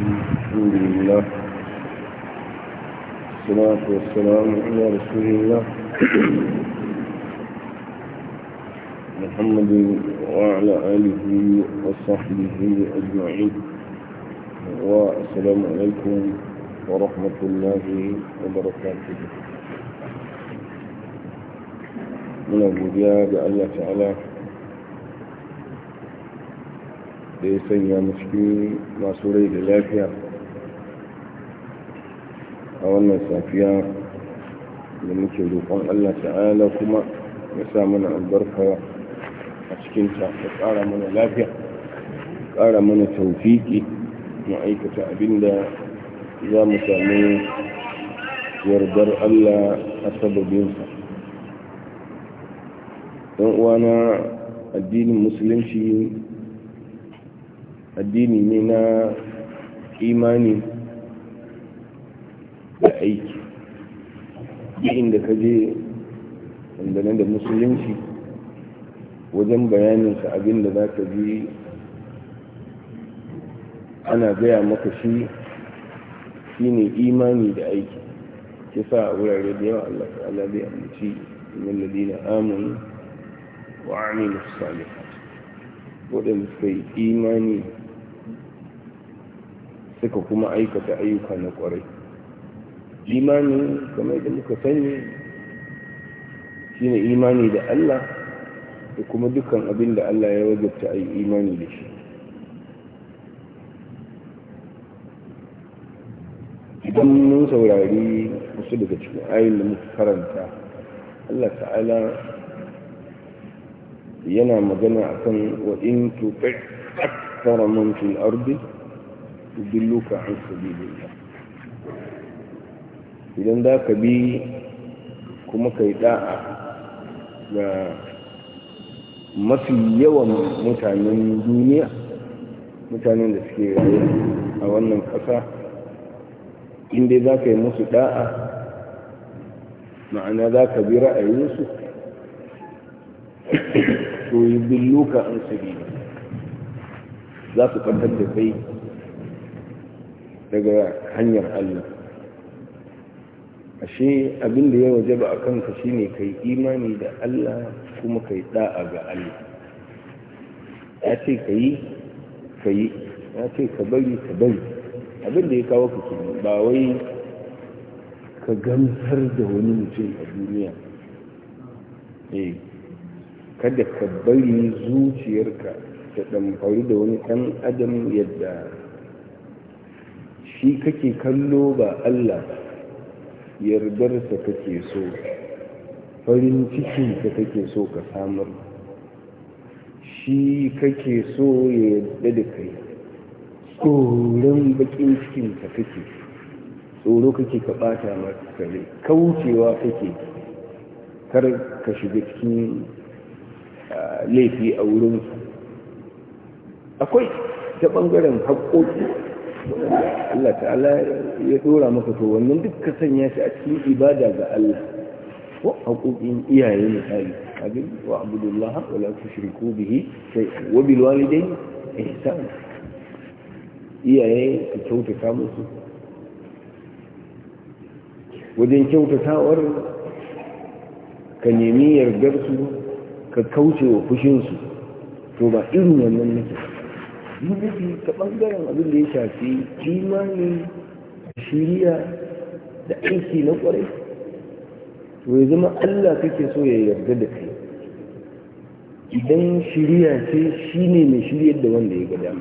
الحمد لله والصلاة والسلام على رسول الله محمد وعلى آله وصحبه أجمعين والسلام عليكم ورحمة الله وبركاته من أبو جاب الله تعالى da ya sanya mu cikin masu rai da lafiya a wannan safiya da muke roƙon Allah ta'ala kuma ya sa mana albarka a cikinta ta ƙara mana lafiya ƙara mana taufiki mu aikata abinda za mu sami yardar Allah a sababinsa don uwana addinin musulunci addini ne na imani da aiki duk inda ka je dangane da musulunci wajen bayaninsa abin da za ka ji ana gaya maka shi shi ne imani da aiki ke sa a wurare da yawa Allah ta'ala zai amince min ladina amanu wa amilu salihat wadanda suka yi imani suka kuma aikata ayyuka na kwarai imani kamar da muka sani shine imani da Allah da kuma dukkan abin da Allah ya wajabta a yi imani da shi idan mun saurari wasu daga cikin ayin da muka karanta Allah ta'ala yana magana akan wa in tuqi akthara fil ardi yudilluka an sabilillah idan za ka bi kuma ka yi da'a ga mafi yawan mutanen duniya mutanen da suke rayuwa a wannan ƙasa inda za ka yi musu da'a ma'ana za ka bi ra'ayinsu to yi billuka an sabilillah za su ɓatar da kai daga hanyar Allah ashe abin da ya waje ba a kanka shine kai imani da Allah kuma kai da'a ga Allah ya ce ka yi ka yi ya ce ka bari ka bari abin da ya kawo ka ke ba wai ka gamsar da wani mutum a duniya eh kada ka bari zuciyarka ta ɗamfari da wani ɗan adam yadda shi kake kallo ba Allah yardarsa kake so farin cikin ka kake so ka samar shi kake so ya yarda da kai tsoron bakin cikin ka kake tsoro kake ka bata maka kare kaucewa kake kar ka shiga cikin ah, laifi a wurin akwai ta bangaren haƙoƙi Allah ta'ala ya tura maka to wannan duk ka sanya shi a cikin ibada ga Allah ko haƙoƙin iyaye misali abin wa abdullah wa la tushriku bihi sai wa bil walidayni ihsan iyaye ka kyautata musu wajen kyautatawar ka nemi yardar su ka kauce wa fushinsu to ba irin wannan nake nufi ta ɓangaren abin da ya shafi imani shiriya da aiki na ƙwarai to ya zama Allah kake so ya yarda da kai idan shiriya ce shi ne mai shiryar da wanda ya gada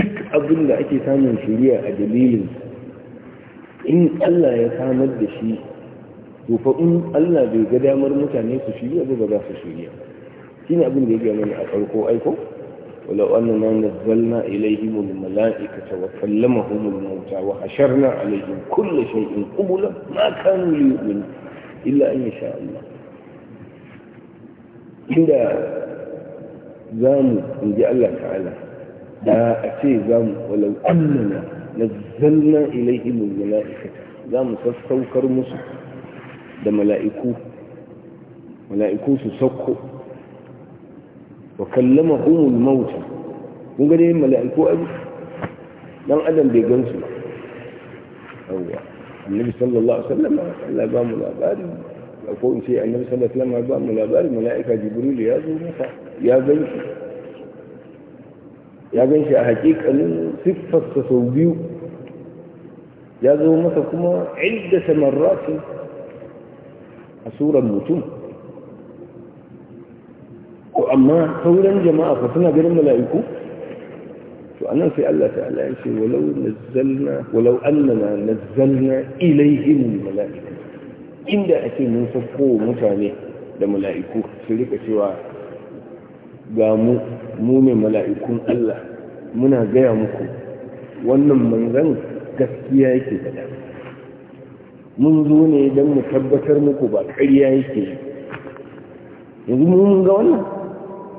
duk abin da ake samun shiriya a dalilin in Allah ya samar da shi to fa in Allah bai ga damar mutane su shirya ba ba za su shirya ba شنو ابن بيجي من اقلقوا ايكو ولو اننا نزلنا اليهم الملائكه وكلمهم الموتى وحشرنا عليهم كل شيء قبلا ما كانوا ليؤمنوا الا ان يشاء الله إلا زامو إن جاء الله تعالى لا أتي زامو ولو أننا نزلنا إليهم الملائكة زامو سستوكر مصر ده ملائكو ملائكو سسكو wa kallama umul mauta kun ga dai mala'iku ai dan adam bai gansu ba yawwa annabi sallallahu alaihi wasallam Allah ba mu labari ko in ce annabi sallallahu alaihi wasallam ba mu labari mala'ika jibril ya zo masa ya ganshi ya ganshi a hakikalin siffarsa sau biyu ya zo masa kuma idda samarratin a surar mutum ko amma sauran jama'a fa suna ganin mala'iku to anan sai Allah ta'ala ya ce walau nazzalna walau annana nazzalna ilaihim mala'ika inda ake mun sako mutane da mala'iku su rika cewa ga mu mu ne mala'ikun Allah muna gaya muku wannan manzan gaskiya yake da mun zo ne don mu tabbatar muku ba ƙarya yake yanzu mun ga wannan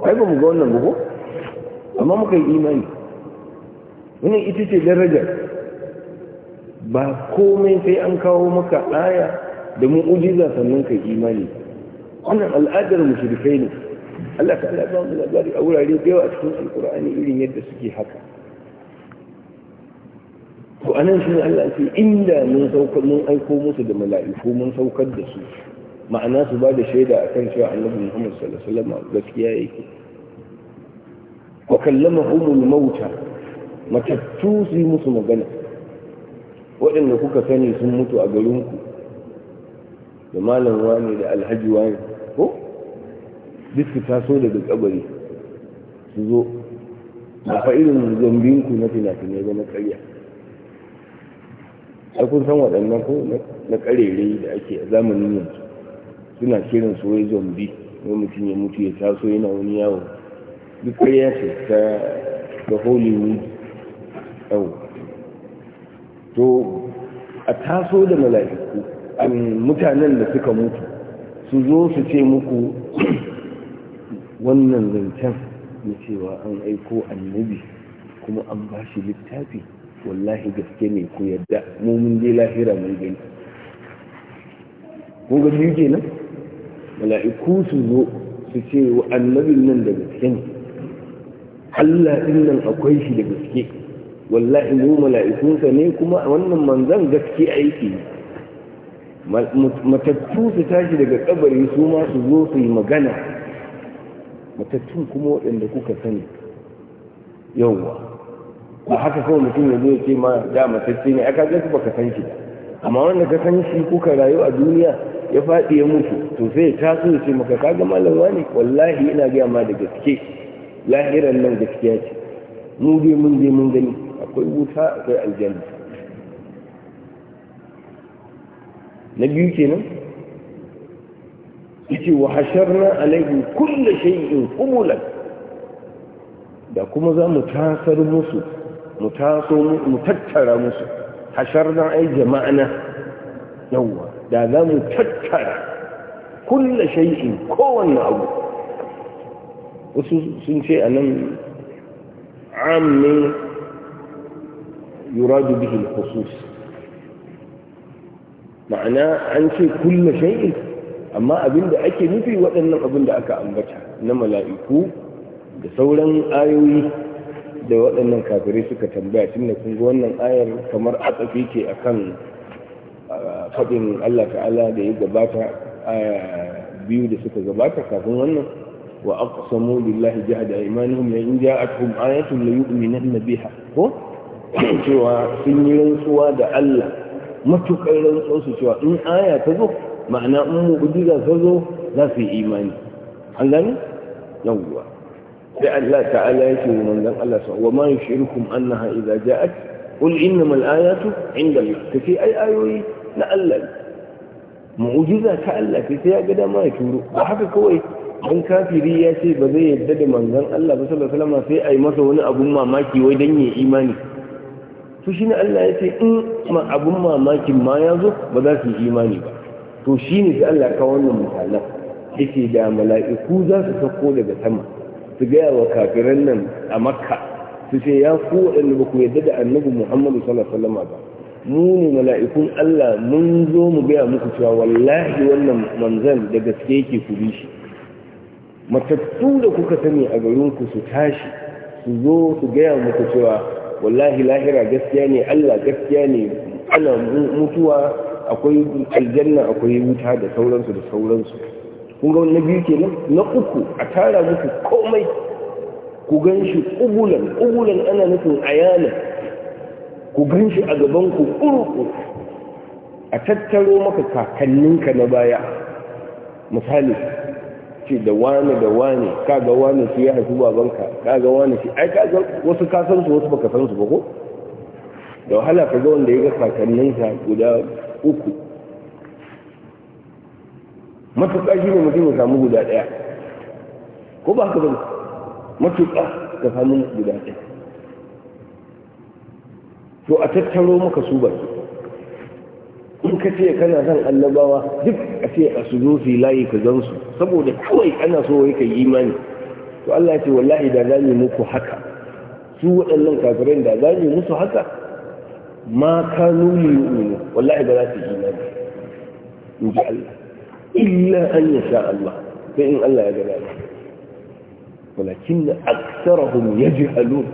kai ba mu ga wannan gugu amma muka yi imani wannan ita ce daraja ba komai sai an kawo maka aya da ujiza sannan kai imani wannan al'adar mushrikai ne Allah ta Allah ba mu labari a wurare da yawa a cikin alkur'ani irin yadda suke haka to anan shi Allah ce inda mun saukar mun aiko musu da mala'iku mun saukar da su ma'ana su ba da shaida a kan cewa annabi muhammad sallallahu alaihi wasallam gaskiya yake wa kallama umul mauta matattu su musu magana waɗanda kuka sani sun mutu a garinku da malam wani da alhaji wani ko duk su taso daga kabari su zo ba fa irin ku na fina-finai ba na karya ai kun san waɗannan ko na ƙarere da ake a zamanin yanzu suna kiran su wai zombi wani mutum ya mutu ya taso yana wani yawo duk ya ce ta ta hollywood yau to a taso da mala'iku mutanen da suka mutu su zo su ce muku wannan zancen na cewa an aiko annabi kuma an ba shi littafi wallahi gaske ne ku yadda mu mun je lahira mun gani ko ga biyu kenan mala'iku su zo su ce wa annabin nan da gaske ne Allah din nan akwai shi da gaske wallahi mu mala'ikunsa ne kuma wannan manzan gaske aiki matattu su tashi daga kabari su ma su zo su yi magana matattun kuma waɗanda kuka sani yauwa ba haka kawai mutum ya zo ya ce ma da matacce ne aka ga baka san shi amma wanda ka san shi kuka rayu a duniya ya faɗi ya mutu to sai ta so ce maka kaga malam wani wallahi ina gaya ma da gaske lahiran nan gaskiya ce mu bi mun je mun gani akwai wuta akwai aljanna na biyu kenan yace wa hasharna alaihi kulle shay'in qumulan da kuma za mu tasar musu mu taso mu tattara musu hasharna ai jama'ana yawwa da za mu tattara kulla shaikin kowane abu wasu sun ce a nan am ne yuradu bihi khusus ma'ana an ce kulla shaikin amma abinda ake nufi waɗannan abin da aka ambata na mala'iku da sauran ayoyi da waɗannan kafirai suka tambaya tunda kun wannan ayar kamar a tsafi ke akan faɗin Allah ta'ala da ya gabata biyu da suka gabata kafin wannan wa aqsamu billahi jahda imanihim la in ja'atuhum ayatun la yu'minanna biha ko cewa sun yi rantsuwa da Allah matukar rantsuwa su cewa in aya ta zo ma'ana in mu mu'jiza ta zo za su yi imani an gani yawwa sai Allah ta'ala yake manzon Allah wa ma yushrikum annaha idza ja'at قل إنما الآيات عند الله كفي أي آيوي لألا معجزة كألا في سياقة ما يتورو وحكا كوي dan kafiri ya ce ba zai yadda da manzon Allah ba sallallahu alaihi wasallam sai masa wani abun mamaki wai dan ya imani to shine Allah ya ce in ma abun mamakin ma ya zo ba za su yi imani ba to shine sai Allah ka wannan misalan yake da mala'iku za su sako daga sama su gaya wa kafiran nan a makka su ce ya ku waɗanda ba ku yadda da annabi muhammadu sallallahu alaihi wasallam ba mu ne mala'ikun Allah mun zo mu gaya muku cewa wallahi wannan manzan da gaske yake ku bi shi matattu da kuka sani a garin ku su tashi su zo su gaya muku cewa wallahi lahira gaskiya ne Allah gaskiya ne ana mutuwa akwai aljanna akwai wuta da sauransu da sauransu kun ga wannan biyu kenan na uku a tara muku komai ku gan shi ƙugulan ƙugulan ana nufin ayyana ku gan shi a gaban ku ƙurƙu a tattaro maka kakanninka na baya misali ce da wani da wani kaga wani shi ya haifu babanka kaga wani shi ai kaga wasu ka san su wasu baka san su ba ko da wahala ka ga wanda ya ga kakanninsa guda uku matuƙa shi ne mutum ya samu guda ɗaya ko ba haka ba matuƙa da hannun guda ɗaya to a tattaro maka su ba in ka ce kana son annabawa duk a ce a su zo su layi ka zan su saboda kawai ana so wai ka yi imani to Allah ya ce wallahi da za mu muku haka su waɗannan kafirai da za mu musu haka ma ka nuni yu'minu wallahi ba za su yi imani in ji Allah illa an yasha Allah sai in Allah ya ga dama walakin aksarahum yajhalun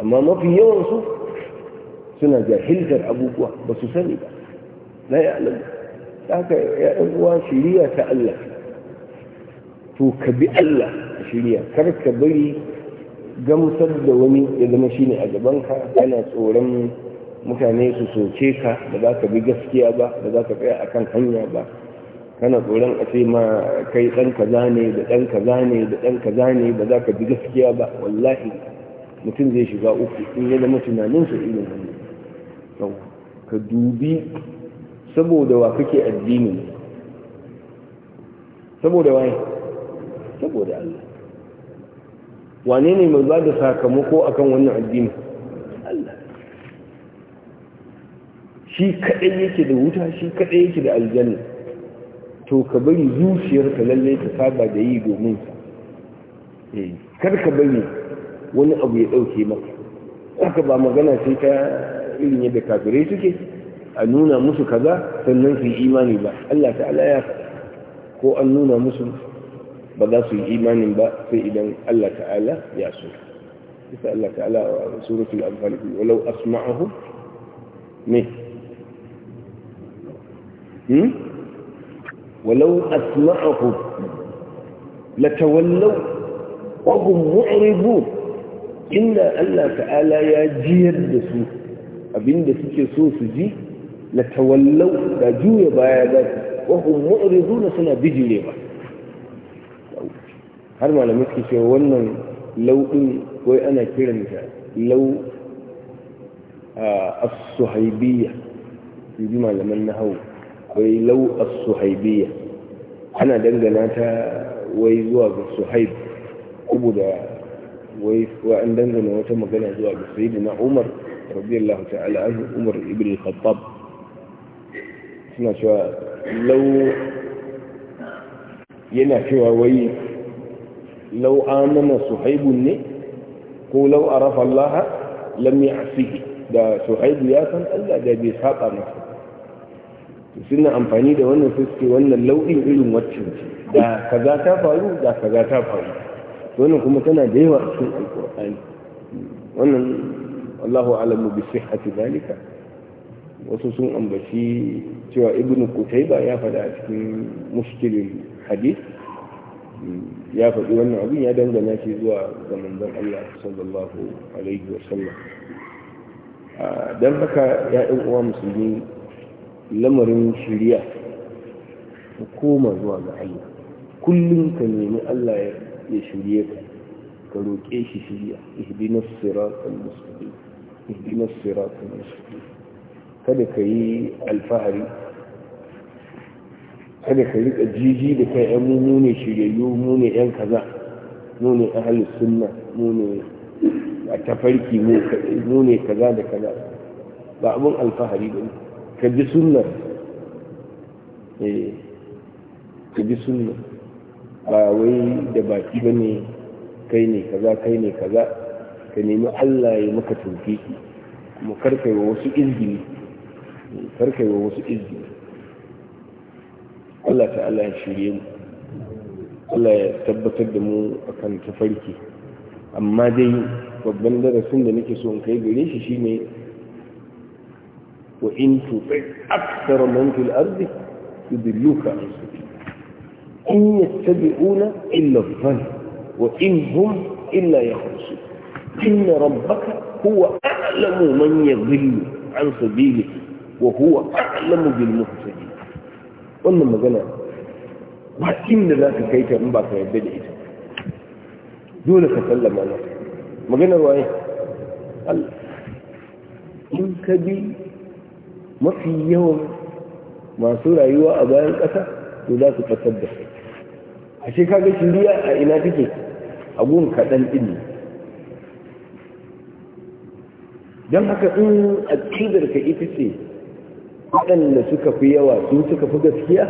amma mafi yawan su suna jahiltar abubuwa ba su sani ba la ya'lamu haka ya uwa shiriya ta Allah to ka bi Allah shirya, kar ka bari gamsar da wani ya zama shine a gaban ka, yana tsoron mutane su soke ka da za ka bi gaskiya ba da za ka tsaya akan hanya ba kana tsoron a ce ma kai ɗan kaza ne da ɗan kaza ne da ɗan kaza ne ba za ka bi gaskiya ba wallahi mutum zai shiga uku in ya zama su irin wannan ka dubi saboda wa kake addini saboda waye saboda Allah wane ne mai ba da sakamako akan wannan addini Allah shi kadai yake da wuta shi kadai yake da aljanna to ka bari zuciyarka lalle ta saba da yi domin sa eh, kar ka bari wani abu ya ɗauke maka haka ba magana sai ta irin yadda kafirai suke a nuna musu kaza sannan su yi imani ba Allah ta'ala ya ko an nuna musu ba za su yi imanin ba sai idan Allah ta'ala ya so isa Allah ta'ala a suratul anfal walau asma'ahu ne hmm walau asma'ahu latawallaw wa hum mu'ribun inna Allah ta'ala ya jiyar da su abinda suke so su ji latawallaw da juya baya za su wa hum mu'ribun suna bijire ba har malamai suke cewa wannan lau'in wai ana kiranta lau as-suhaibiyya yi malaman nahawu akwai lau'ar suhaibiyya ana dangana ta wai zuwa ga suhaib kubu da wai an dangana wata magana zuwa ga na umar radiyallahu ta'ala anhu umar ibn khattab suna cewa lau yana cewa wai lau amana suhaibu ne ko lau arafa allaha lam ya'sihi da suhaibu ya san Allah da bai saba masa suna amfani da wannan suke wannan lauɗin irin wacce da kaza ta faru da kaza ta faru wannan kuma tana da yawa a cikin Alƙur'ani. wannan Allahu alamu bi sihhati dalika wasu sun ambaci cewa ibn kutaiba ya faɗa a cikin mushkilin hadith ya faɗi wannan abin ya dangana shi zuwa ga manzon Allah sallallahu alaihi wa sallam ah, dan haka ya ɗan uwa musulmi lamarin shiriya ka koma zuwa ga Allah kullum ka nemi Allah ya shirye ka ka roƙe shi shiriya ihdinas siratal mustaqim ihdinas siratal mustaqim kada ka yi alfahari kada ka rika jiji da kai ai mu ne shiryayyu mu ne yan kaza mu ne ahli sunna mu ne a tafarki mu ne kaza da kaza ba abun alfahari ba ne ka bi sunna eh ka bi sunna ba wai da baki ne kai ne kaza kai ne kaza ka nemi Allah ya maka tawfiki kuma yi wa wasu izini karkai wa wasu izini Allah ta'ala ya shirye mu Allah ya tabbatar da mu akan tafarki amma dai babban darasin da nake so in kai gare shi shine وإن تطع أكثر من في الأرض يضلوك عن سبيل إن يتبعون إلا الظن وإن هم إلا يخرسون إن ربك هو أعلم من يضل عن سبيله وهو أعلم بالمهتدين wannan ما ba وإن ذاك كيف kai ta in ba ka yadda da ita dole ka sallama na mafi yawan masu rayuwa a bayan ƙasa to za su fatar da a shi kaga shiriya a ina take a gun kaɗan ɗin don haka in aƙidar ka ita ce waɗanda suka fi yawa sun suka fi gaskiya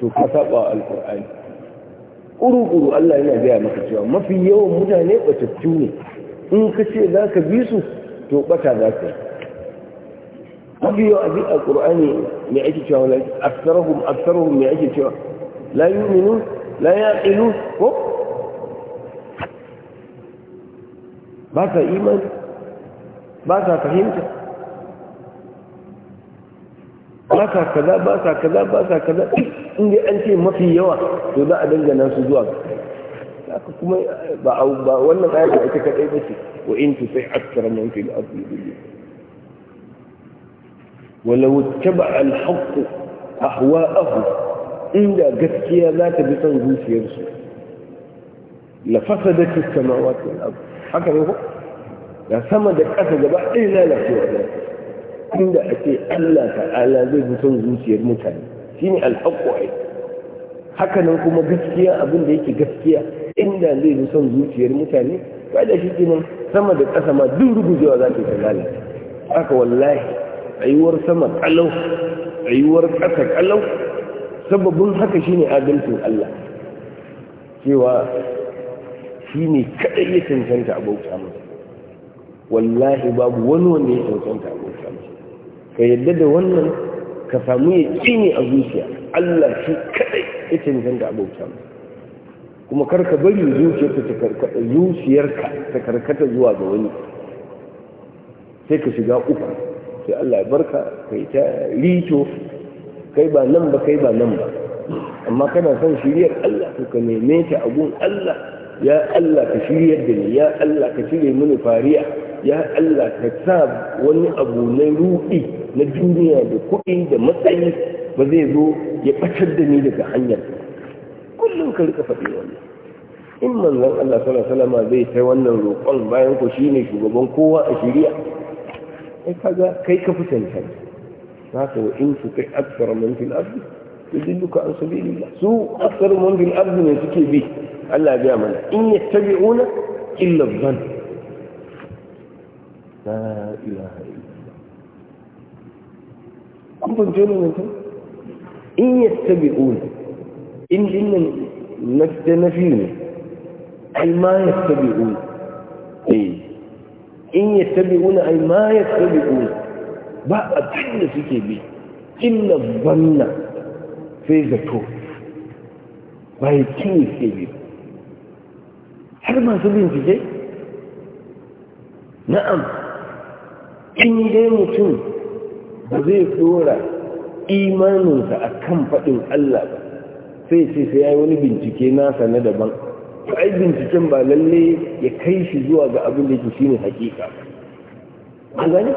to ka saba alƙur'ani ƙuru-ƙuru Allah yana gaya maka cewa mafi yawan mutane ɓatattu ne in ka ce za ka bi su to ɓata za ka yi mafi yau abin alkur'ani mai ake cewa wala aksarahum aksarahum mai ake cewa la yu'minu la yaqilu ko ba ka imani ba ka fahimta ba ka kaza ba ka kaza ba ka kaza inda an ce mafi yawa to za a dangana su zuwa haka kuma ba wannan ayar ita kadai ba ce wa in sai tusai aksara man fil ardi ولو اتبع الحق أهواءه إلا قتكيا لا تبطن روسيا لفسدت السماوات والأرض حكا يقول لا سمدك أسد بقى إلا لا سوى inda a ce Allah ta'ala zai fi son zuciyar mutane shi ne alhaƙo ai haka nan kuma gaskiya abin da yake gaskiya inda zai fi son zuciyar mutane ba da shi kenan sama da ƙasa ma duk rugujewa za ta lalace wallahi ayuwar sama kalau ayuwar ƙasa kalau sababin haka shine adalcin Allah cewa shine kada ya cancanta abauta bauta masa wallahi babu wani wanda ya cancanta abauta bauta masa ka yadda da wannan ka samu ya kine a zuciya Allah shi kada ya cancanta abauta bauta masa kuma karka bari zuciyarka ta karkata zuwa ga wani sai ka shiga uku sai Allah kai ta rito kai ba nan ba kai ba nan ba amma kana son shiriyar Allah to ka neme ta abun Allah ya Allah ka shiryar da ni ya Allah ka cire mini fariya ya Allah ka sa wani abu na ruɗi na duniya da kuɗi da matsayi ba zai zo ya ɓatar da ni daga hanyar kullum ka rika faɗi wannan in manzon Allah sallallahu alaihi wasallam zai kai wannan roƙon bayan ku shine shugaban kowa a shiriya هكذا إيه كيكف تنهج معك وإن تطيع أكثر من في الأرض يدلك عن سبيل الله سوء أكثر من في الأرض من يتكي به ألا بيعمل إن يتبعون إلا الظن لا إله إلا الله أنت تجولوا من إن يتبعون إن إن نجد نفينا أي ما يتبعون إيه in yattabi'una ay ma yattabi'una ba abin da suke bi illa banna sai zato ba ya kini suke bi har masu bincike na'am in dai mutum ba zai dora imaninsa a kan faɗin Allah ba sai ce sai ya yi wani bincike nasa na daban to ai binciken ba lalle ya kai shi zuwa ga abin da yake shine hakika an gani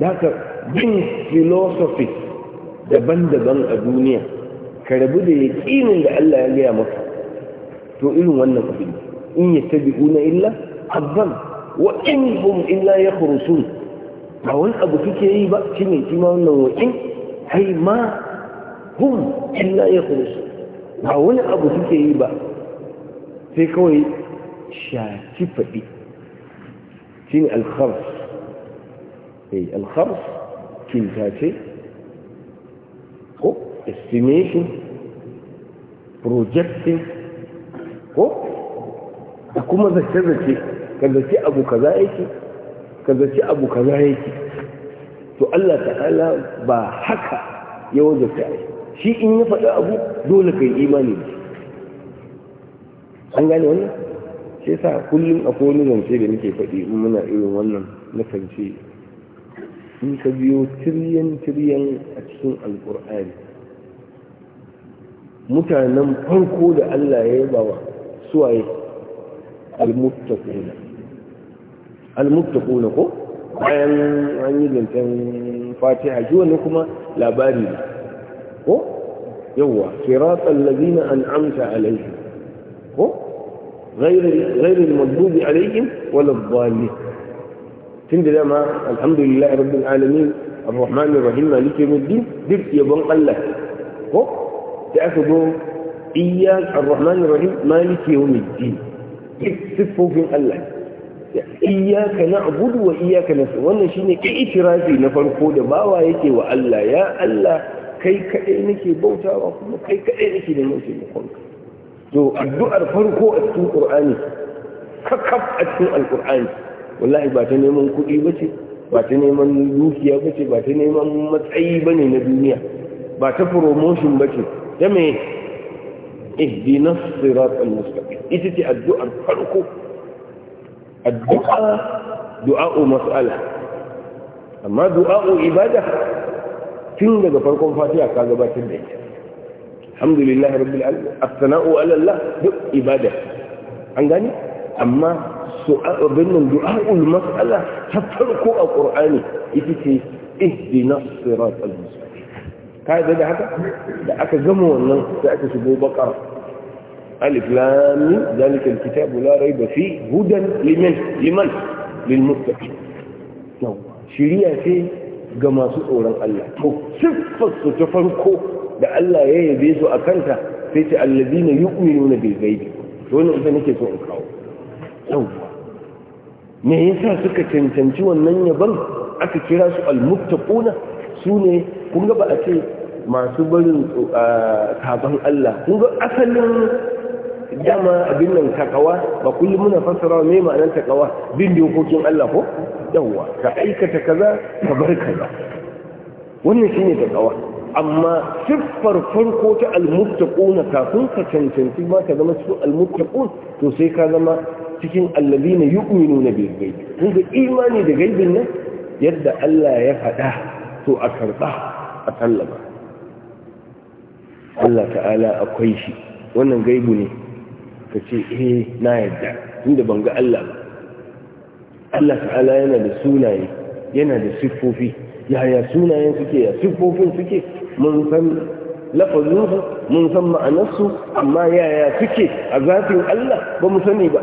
da haka bin philosophy daban-daban a duniya ka rabu da ya yaƙinin da Allah ya gaya maka to irin wannan abin in ya yattabi'una illa habban wa in hum illa ya yakhrusun ba wani abu kike yi ba shine shi ma wannan wa in ai ma hum illa ya yakhrusun ba wani abu kike yi ba sai kawai shafi faɗi shi ne alkhars eh, alkhars kintace ko estimation projecting ko a kuma zace-zace ka zace abu kaza yake ka zace abu kaza yake to Allah ta'ala ba haka ya wajen ta'ai shi in ya faɗi abu dole ka yi imani da an gane wannan shi yasa kullum akwai wani zance da nake faɗi in muna irin wannan na kance in ka biyo tiryan tiryan a cikin alƙur'ani mutanen farko da Allah ya yaba wa suwaye almuttaquna almuttaquna ko bayan an yi zancen fatiha shi wani kuma labari ne ko yawwa siratal ladina an'amta alaihim ko غير غير المغضوب عليهم ولا الضالين tun da dama alhamdulillah rabbil alamin arrahman arrahim malik yawmiddin duk yabon Allah ko da aka go iyyak arrahman arrahim malik yawmiddin duk sifofin Allah iyyaka na'budu wa iyyaka nasta'in wannan shine kai itirafi na farko da bawa yake wa Allah ya Allah kai kadai nake bautawa kuma kai kadai nake da mutum kanka to addu'ar farko a cikin qur'ani kakkaf a cikin alqur'ani wallahi ba ta neman kuɗi ba ce ba ta neman dukiya ba ce ba ta neman matsayi ba ne na duniya ba ta promotion ba ce ta eh ihdinas siratal mustaqim ita ce addu'ar farko addu'a du'a'u mas'ala amma du'a'u ibada tun daga farkon fatiha ka gabatar da ita alhamdulillah rabbi alamin as-sana'u ala Allah duk ibada an gani amma su'a binnan du'a'ul mas'ala ta farko a qur'ani ita ce ihdina sirat al-mustaqim ka yadda da haka da aka gama wannan Da aka shigo bakar alif lam mim zalika bularai, da fi hudan liman liman lil-muttaqin ce ga masu tsoron Allah to siffar su ta farko da Allah ya yabe su a kanta sai ce na yu'minuna bil ghaibi to wannan ita nake so in kawo yau me yasa suka cancanci wannan yaban aka kira su al Su ne, kun ga ba a ce masu barin sabon Allah kun ga asalin dama abin nan takawa ba kullum muna fassara mai ma'anar takawa bin dokokin Allah ko yawwa ka aikata kaza ka bar kaza wannan shine takawa amma siffar farko ta almuttaquna kafin ka cancanci ma ka zama cikin almuttaqun to sai ka zama cikin alladhina yu'minuna bil ghaib kun ga imani da gaibin nan yadda Allah ya faɗa to a karba a tallaba. Allah ta'ala akwai shi wannan gaibu ne ka ce eh na yadda inda ban ga Allah ba Allah ta'ala yana da sunaye yana da siffofi yaya sunayen suke ya siffofin suke mun san lafazinsu mun san ma'anarsu amma yaya suke a zafin Allah ba mu sani ba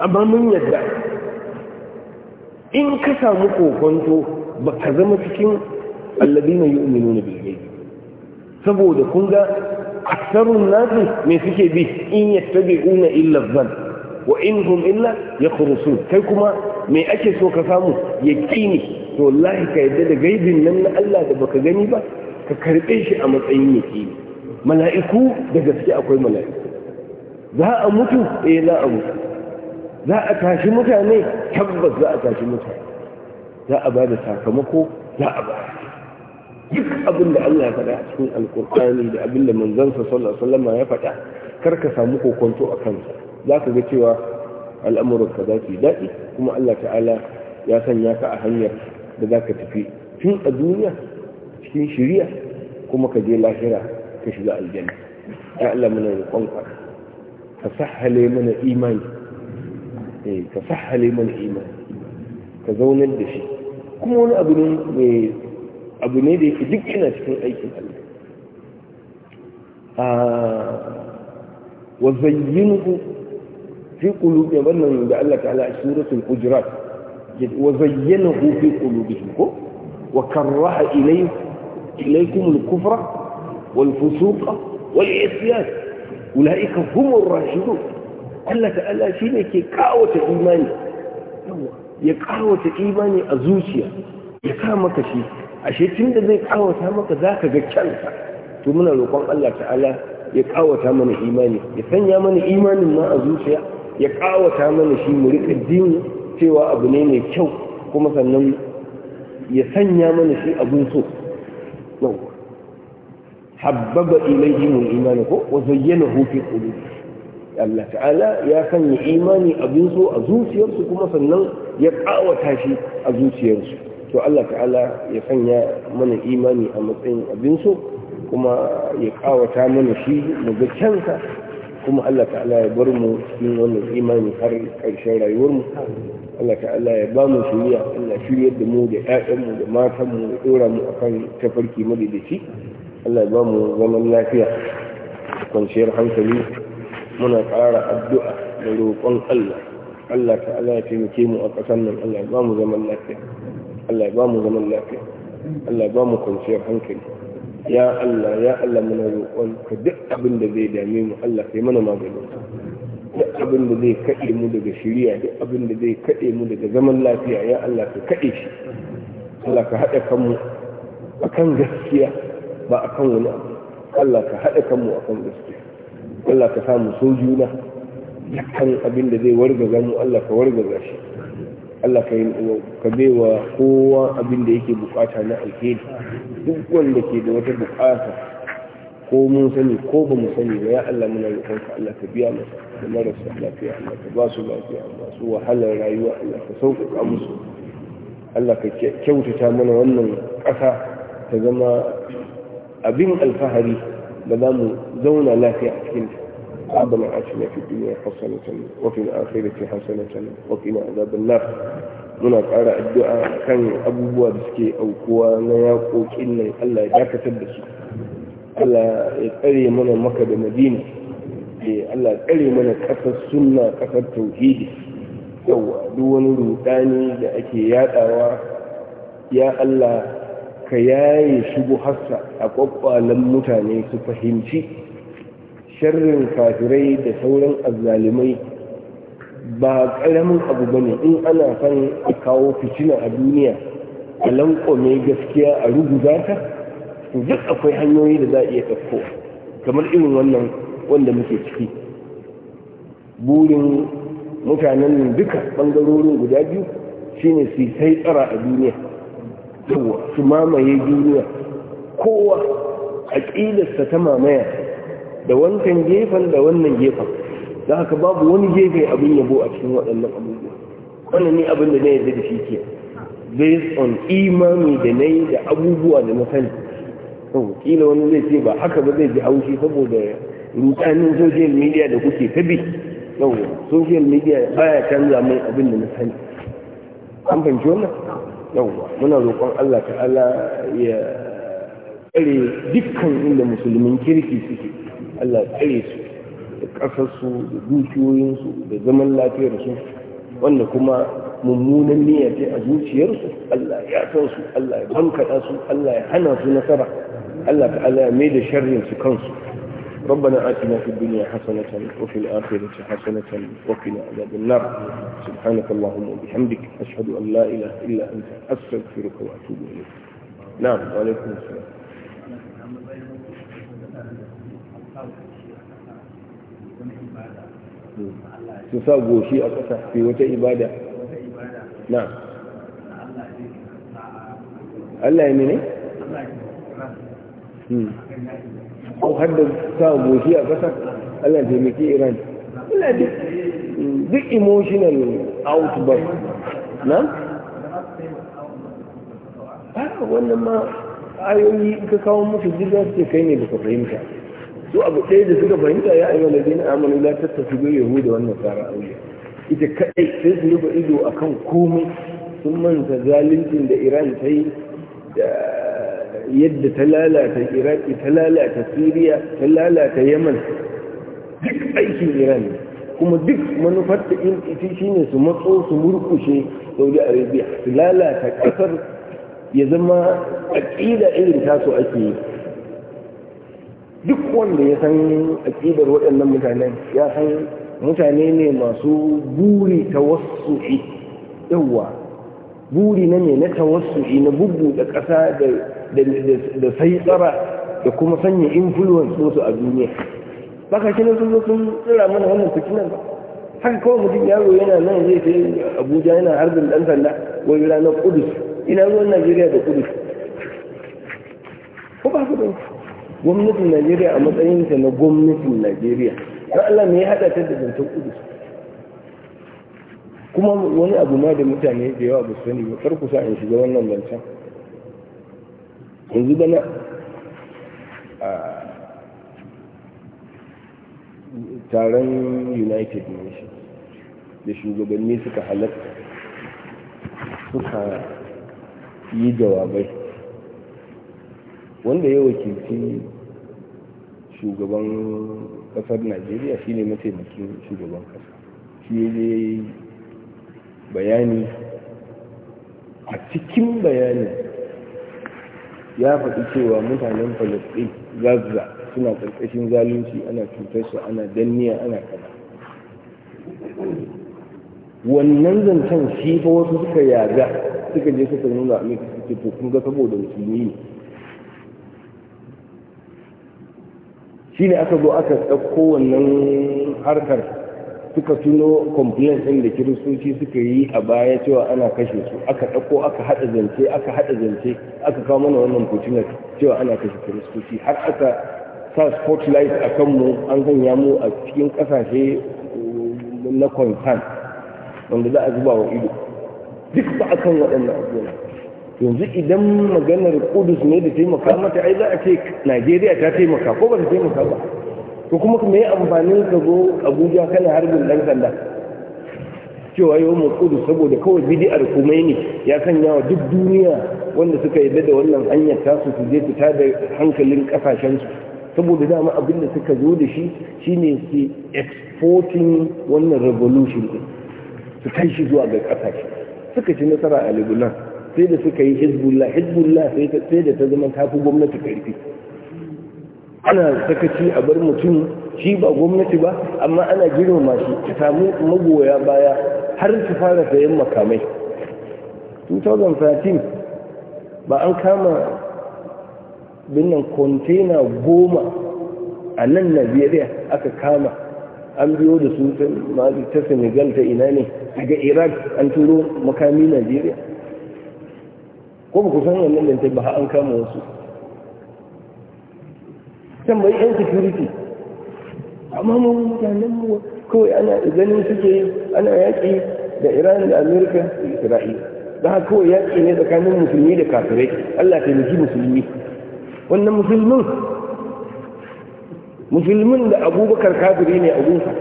amma mun yadda in ka samu kokonto ba ka zama cikin allabina yi umarni na bilgai saboda kun ga aksarun nasu mai suke bi in una illa zan wa in hum illa ya kai kuma me ake so ka samu ya ne to wallahi ka yadda da gaibin nan na Allah da baka gani ba ka karɓe shi a matsayin yake mala'iku da gaske akwai mala'iku za a mutu eh za a mutu za a tashi mutane tabbas za a tashi mutane za a ba da sakamako za a ba duk abin da Allah ya faɗa a cikin alkur'ani da abin da manzansa sallallahu alaihi wasallam ya faɗa kar ka samu kokonto a kansa za ka ga cewa al'amuran ka za su yi daɗi kuma Allah ta'ala ya sanya ka a hanyar da za ka tafi tun a duniya cikin shiriya kuma ka je lahira ka shiga aljanna ya Allah muna roƙonka ka sahhale mana imani eh ka sahale mana imani ka zaunar da shi kuma wani abu ne mai abu ne da yake duk ina cikin aikin Allah a ah, wa zayyinuhu fi qulubi wannan da Allah ta'ala a suratul hujurat wa zayyanahu fi qulubihim ko wa karaha ilayhi إليكم الكفر والفسوق والعصيان أولئك هم الراشدون Allah ta'ala shi ne ke kawata imani ya kawata imani a zuciya ya sa maka shi ashe tun da zai kawata maka za ka ga kyanta to muna rokon Allah ta'ala ya kawata mana imani ya sanya mana imanin ma a zuciya ya kawata mana shi mu rika jin cewa abu ne mai kyau kuma sannan ya sanya mana shi abun so habbaba ilayhim al-iman ko wa zayyanahu fi Allah ta'ala ya sanya imani abin so a zuciyarsu kuma sannan ya ƙawata shi a zuciyarsu to Allah ta'ala ya sanya mana imani a matsayin abin so kuma ya ƙawata mana shi mu ga kuma Allah ta'ala ya bar mu cikin wannan imani har ƙarshen rayuwarmu Allah ta'ala ya ba mu shiriya Allah shiryar da mu da 'ya'yanmu, da matanmu da ɗora mu akan tafarki madaidaici Allah ba mu zaman lafiya kwanciyar hankali muna ƙara addu'a da roƙon Allah Allah Allah ya taimake mu a ƙasar nan Allah ba mu zaman lafiya Allah ba mu zaman lafiya Allah ba mu kwanciyar hankali ya Allah ya Allah muna roƙon ka duk abin da zai dame mu Allah kai mana maganin duk abin da zai kaɗe mu daga shiriya duk abin da zai kaɗe mu daga zaman lafiya ya Allah ka kaɗe shi Allah ka haɗa kanmu akan gaskiya ba a kan wani abu Allah ka haɗa kanmu a kan gaske Allah ka samu so juna dukkan abin da zai wargaza mu Allah ka wargaza shi Allah ka ka baiwa kowa abin da yake bukata na alheri duk wanda ke da wata bukata ko mun sani ko ba mu sani ba ya Allah muna roƙon ka Allah ka biya masa da marasa lafiya Allah ka ba su lafiya su wahalar rayuwa Allah ka sauƙaƙa musu Allah ka kyautata mana wannan ƙasa ta zama abin alfahari da za mu zauna lafiya a cikin ربنا آتنا في الدنيا حسنة وفي الآخرة حسنة وقنا azabin النار muna ƙara addu'a kan abubuwa da suke aukuwa na yaƙoƙin nan Allah ya dakatar da su Allah ya tsare mana maka da madina da eh, Allah ya tsare mana ƙasar sunna ƙasar tauhidi yawa duk wani rudani da ake yaɗawa ya Allah ka yaye shigo hasa a ƙwaƙwalen mutane su fahimci sharrin kafirai da sauran azzalumai ba ƙaramin abu ba ne in ana son a kawo fitina a duniya a mai gaskiya a ruguza ta duk akwai hanyoyi da za a iya ɗauko kamar irin wannan wanda muke ciki burin mutanen duka ɓangarorin guda biyu shine su sai tsara a duniya yawa su mamaye duniya kowa a ƙilasta ta mamaya da wancan gefen da wannan gefen da haka babu wani gefe abin yabo a cikin waɗannan abubuwa wannan ne abin da na yadda da shi ke based on imani da na yi da abubuwa da na sani sau kila wani zai ce ba haka ba zai ji haushi saboda rukanin social media da kuke tabi yau social media baya canza mai abin da na sani an fahimci wannan yawwa muna roƙon Allah ta'ala ya tsare dukkan inda musulmin kirki suke Allah tsare su da ƙasarsu da dukiyoyinsu da zaman lafiyarsu wanda kuma mummunan niyya ce a zuciyarsu Allah ya san su Allah ya bankaɗa su Allah ya hana su nasara Allah ta'ala ya mai da sharrin su kansu ربنا آتنا في الدنيا حسنة وفي الآخرة حسنة وقنا عذاب النار سبحانك اللهم وبحمدك أشهد أن لا إله إلا أنت أستغفرك وأتوب إليك نعم وعليكم السلام su شيء goshi في وجه fi نعم الله na الله ya ko har da sa goshi a ƙasa Allah taimaki Iran Allah duk emotional outburst na? a wannan ma ayoyi ka kawo musu jirga suke ce kai ne baka fahimta su abu ɗaya da suka fahimta ya ayyana da na ta tafi tattafi ga yahuda wannan tsara aure ita kaɗai sai su rufe ido akan komai sun manta zaluncin da iran ta yi da yadda ta lalata iraki ta lalata siriya ta lalata yaman duk aikin iran kuma duk manufarta ita shi ne su matso su murkushe saudi arabia su lalata kasar ya zama aƙida irin taso ake yi duk wanda ya san aƙidar waɗannan mutanen ya san mutane ne masu buri ta wasu'i yawa buri na ne na tawassu'i na bugu da ƙasa da da sai tsara da kuma sanya influence su a duniya ba ka kina sun zo sun tsira mana wannan fitinan ba haka kawai mutum yaro yana nan zai ce abuja yana harbin dan sanda wani ranar kudus ina ruwan najeriya da kudus ko ba su ɗauki gwamnatin najeriya a ta na gwamnatin najeriya don allah mai haɗa ta da zancen kudus kuma wani abu ma da mutane da yawa ba su sani ba kar ku sa in shiga wannan zancen yanzu da taron united nations da shugabanni suka halatta suka yi jawabai wanda ya wakilci shugaban kasar najeriya shine mataimakin shugaban kasa shi ne bayani a cikin bayani. ya faɗi cewa mutanen falasɗin gaza suna ƙarƙashin zalunci ana su ana danniya ana kaza wannan zancen shi fa wasu suka yaga suka je suka nuna mai suke to kun ga saboda musulmi ne shi ne aka zo aka ɗauko wannan harkar suka tuno complaint ɗin da kiristoci suka yi a baya cewa ana kashe su aka ɗauko aka haɗa zance aka haɗa zance aka kawo mana wannan fitinar cewa ana kashe kiristoci har aka sa spotlight a kanmu an ganya mu a cikin ƙasashe na concern wanda za a zuba wa ido duk ba a kan waɗannan abubuwa yanzu idan maganar kudus ne da taimaka mata ai za a ce najeriya ta taimaka ko ba ta taimaka ba to kuma me amfanin ka zo abuja kana harbin dan sanda cewa yau mu kudu saboda kawai bidi'ar kumai ne ya sanya wa duk duniya wanda suka yarda da wannan hanyar tasu su je fita da hankalin kasashen su saboda dama abin da suka zo da shi shine su exporting wannan revolution din su kai shi zuwa ga kasashe suka ci nasara a Lebanon sai da suka yi Hezbollah Hezbollah sai da ta zama tafi gwamnati karfi ana sakaci a bar mutum shi ba gwamnati ba amma ana girmama shi ta samu magoya baya har su fara sayan makamai 2013 ba an kama binnan kontena goma a nan najeriya aka kama an biyo da su ta senegal ta ina ne daga iraq an turo makami najeriya ko ba ku san wannan ba an kama wasu tambayi yan security amma mu mutanen mu kawai ana ganin suke ana yaƙi da iran da amerika da isra'ila da haka kawai yaƙi ne tsakanin musulmi da kafirai allah taimaki musulmi wannan musulmin musulmin da abubakar kafiri ne a gunsa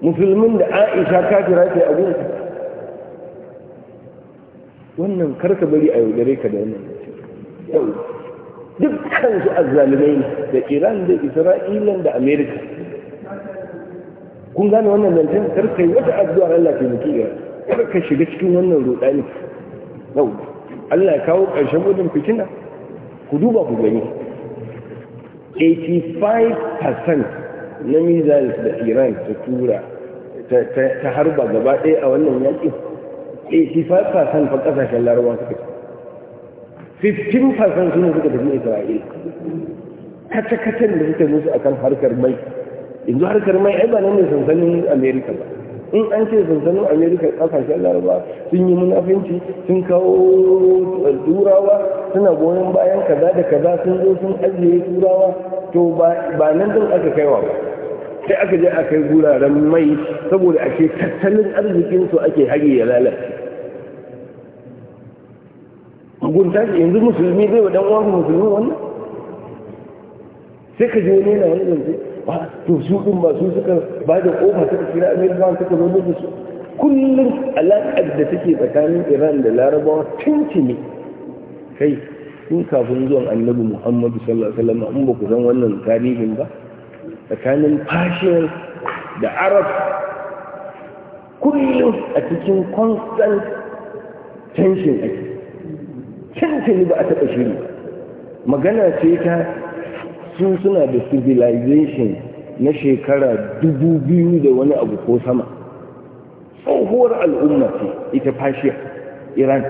musulmin da aisha kafira ce a gunsa wannan karka bari a yaudare ka da wannan yau dukkan su azzalumai ne da iran da isra'ila da amerika kun gane wannan zancen karka yi wata addu'a allah ke mutu iran karka shiga cikin wannan rudani yau allah ya kawo ƙarshen gudun fitina ku duba ku gani 85% na missiles da iran ta tura ta harba gaba ɗaya a wannan yakin 85% fa ƙasashen larabawa suka 15% suna suka tafi isra'ila kace-kacen da suka musu akan harkar mai yanzu harkar mai ai ba nan ne sansanin america ba in an ce sansanin america kasashen laraba sun yi munafinci sun kawo eh, turawa suna goyon bayan kaza da kaza sun zo sun ajiye turawa to ba nan din aka kaiwa ba sai aka je a kai guraren mai saboda ake tattalin arzikinsu ake hari ya lalace gunta ce yanzu musulmi zai wa dan ga musulmi wannan sai ka ji wani yana wani zance ba to su ɗin ba su suka ba da ƙofa suka kira amerika suka zo da su kullum alaƙar da take tsakanin iran da larabawa tuntuni kai tun kafin zuwan annabi muhammadu sallallahu alaihi wasallam an ba ku san wannan tarihin ba tsakanin fashiyar da arab kullum a cikin constant tension ake kyantani ba a taɓa shiri magana ce ta su suna da civilization na shekara dubu biyu da wani abu ko sama tsohuwar al'umma ce ita fashiya iran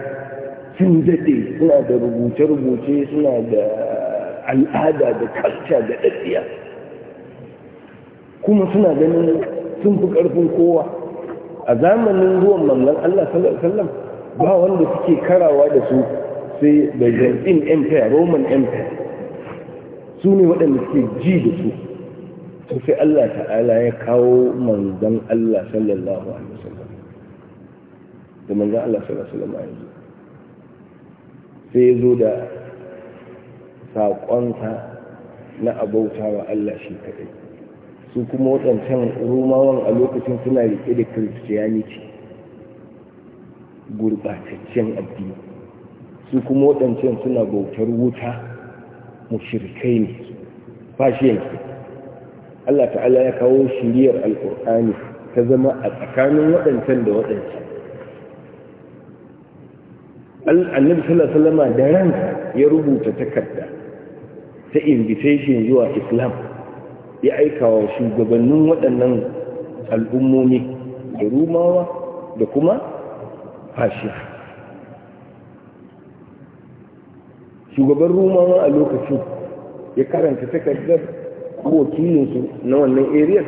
sun daɗe suna da rubuce-rubuce suna da al'ada da kalca da ɗaɗɗiya kuma suna ganin sun fi ƙarfin kowa a zamanin ruwan manzon Allah sallallahu alaihi ba wanda suke karawa da su sai byzantine empire roman empire su ne waɗanda ke ji da su sai allah ta'ala ya kawo manzan allah sallallahu alaihi wasallam da manzan allah sallallahu alaihi wasallam sai ya zo da saƙonsa na abauta wa allah shi kaɗai su kuma waɗancan rumawan a lokacin suna riƙe da christianity gurɓataccen addini su kuma waɗancan suna bautar wuta mushrikai ne fashe ne Allah ta'ala ya kawo shiriyar alƙur'ani ta zama a tsakanin waɗancan da waɗancan annabi sallallahu da ran ya rubuta takarda ta invitation zuwa islam ya aikawa shugabannin waɗannan al'ummomi da rumawa da kuma fashiya shugaban rumawa a lokaci ya karanta takardar wakilinsu na wannan ariyar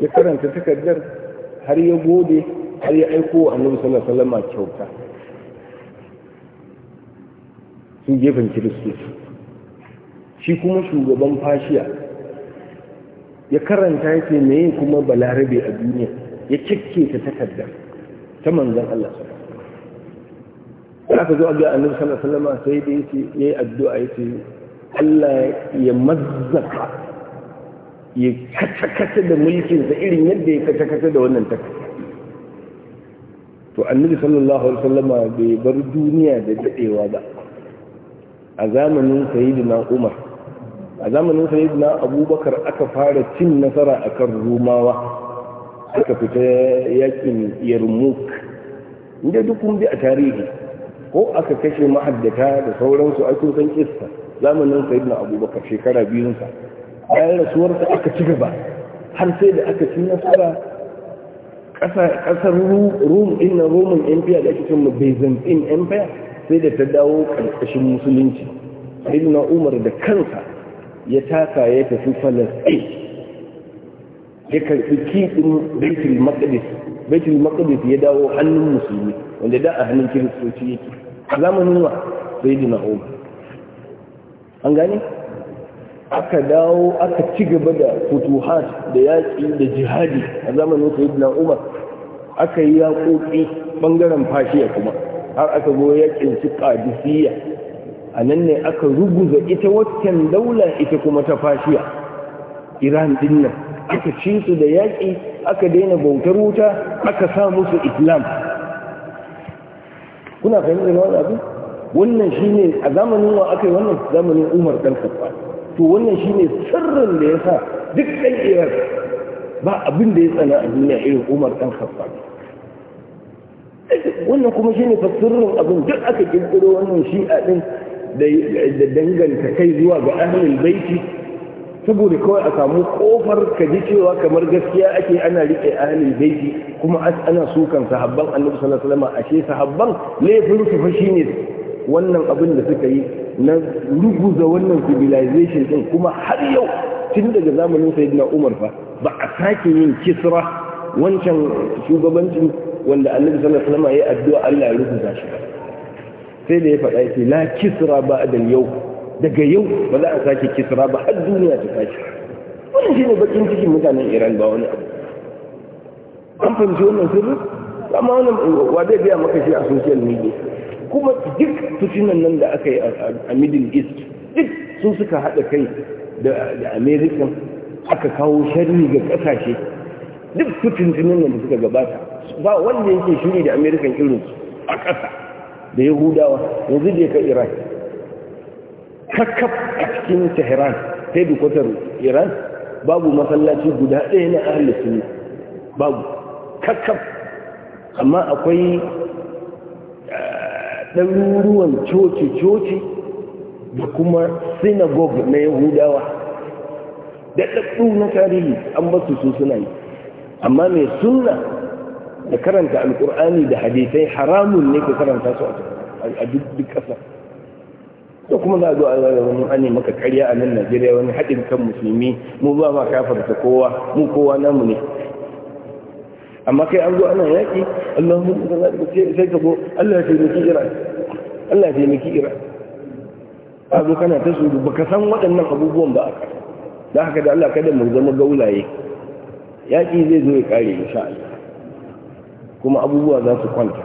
ya karanta takardar har ya gode har ya aiko wa annabi sallallahu kyauta su gefen kiristoci shi kuma shugaban fashiya ya karanta ya ce kuma balarabe a duniya ya cikke ta takardar ta manzan Allah za aka zo a ga annabi sallallahu alaihi wasallam sai da yake yayi addu'a yake Allah ya mazzaka ya kace-kace da mulkin sa irin yadda ya kace-kace da wannan ta to annabi sallallahu alaihi wasallam bai bar duniya da dadewa ba a zamanin sayyidina Umar a zamanin sayyidina Abubakar aka fara cin nasara akan Rumawa aka fita yakin Yarmouk inda duk kun bi a tarihi ko aka kashe mahaddata da sauransu ai kun san kissa zamanin sayyidina abubakar shekara biyunsa rasuwar rasuwarsa aka ci gaba har sai da aka ci nasara kasar rum inna roman empire da ake cin byzantine empire sai da ta dawo karkashin musulunci sayyidina umar da kansa ya taka ya tafi falastin ya karfi kidin baitul maqdis baitul maqdis ya dawo hannun musulmi wanda da a hannun kiristoci yake a zamanin wa sai na umar an gane aka dawo aka ci gaba da futuhat da yaƙi da jihadi a zamanin sai na umar aka yi yaƙoƙi ɓangaren fashiya kuma har aka zo yaƙin su ƙadisiyya a nan ne aka ruguza ita waccan daula ita kuma ta fashiya iran dinnan aka ci su da yaƙi aka daina bautar wuta aka sa musu islam kuna fahimtar wani abu wannan shine a zamanin wa aka yi wannan zamanin umar dan khattab to wannan shine sirrin da ya sa duk ɗan iran ba abin da ya tsana a duniya irin umar dan khattab wannan kuma shine fa sirrin abin duk aka kirkiro wannan shi'a din da danganta kai zuwa ga ahlul baiti saboda kawai a samu kofar ka ji cewa kamar gaskiya ake ana rike ahalin baiti kuma ana sukan sahabban annabi sallallahu alaihi wasallam ashe sahabban laifin su fa shine wannan abin da suka yi na ruguza wannan civilization din kuma har yau tun daga zamanin sayyidina Umar fa ba a sake yin kisra wancan shugabancin wanda annabi sallallahu alaihi wasallam ya addu'a Allah ya ruguza shi sai da ya faɗa yake la kisra ba'da al-yawm daga yau ba za a sake kisra ba har duniya ta tashi wannan shi ne bakin cikin mutanen iran ba wani abu an fahimci wannan sirri amma wannan wa zai gaya maka shi a social media kuma duk fitinan nan da aka yi a middle east duk sun suka haɗa kai da american aka kawo sharri ga ƙasashe duk nan da suka gabata ba wanda yake shiri da american irin a ƙasa da yahudawa yanzu ya ka iran kakkaf a cikin tehran hedikwatar iran babu masallaci guda ɗaya na ahli babu kakkaf amma akwai eh, ɗaruruwan coci-coci da kuma synagogue na yahudawa da ɗaɗɗu na tarihi an basu su suna yi amma mai sunna da karanta alƙur'ani da hadisai haramun ne ka karanta su a duk ƙasa da kuma za a zo a zara wani an maka karya a nan najeriya wani haɗin kan musulmi mu ba ma kafarta kowa mu kowa namu ne amma kai an zo ana yaƙi ce sai ka ko allah ce miki ira allah ce miki ira a zo kana ta su ba ka san waɗannan abubuwan ba a ka da haka da allah kada mu zama gaulaye yaƙi zai zo ya ƙare insha allah kuma abubuwa za su kwanta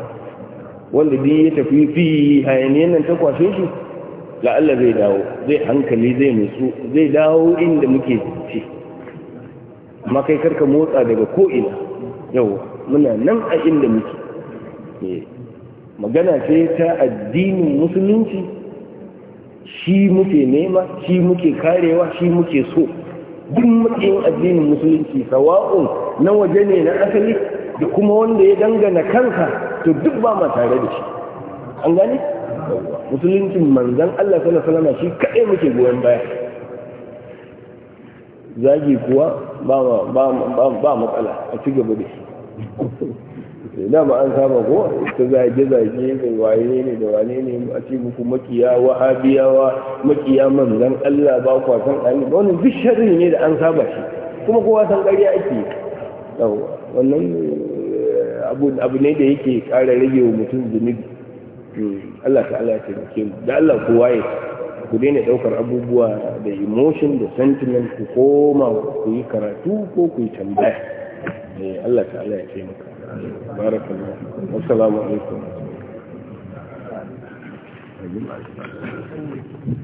wanda duk ya tafi fi hayaniyar nan ta kwashe shi Allah zai dawo zai hankali zai nutsu zai dawo inda muke ce amma kai karka motsa daga ko'ina yau muna nan a inda muke eh, magana ce ta addinin musulunci shi muke nema shi muke karewa shi muke so duk matsayin addinin musulunci sawa'un na waje ne na asali da kuma wanda ya dangana kansa to duk ba ma tare da shi an gane? musuluncin manzan Allah sallallahu alaihi wasallam shi kaɗai muke goyon baya zagi kuwa ba matsala a ci gaba da shi dama an saba ko ta zage zage da waye ne da wane ne a ce muku makiya wahabiyawa makiya manzan Allah ba kwa san ani ba wani bishari ne da an saba shi kuma kowa san ƙarya ake wannan eh, abu ne da yake ƙara rage wa mutum zunubi Allah ta'ala ya taimake mu da Allah kowa ya ku daina daukar abubuwa da emotion da sentiment ku koma ku yi karatu ko ku yi tambaya eh, Allah ta'ala ya taimaka barakallahu assalamu alaikum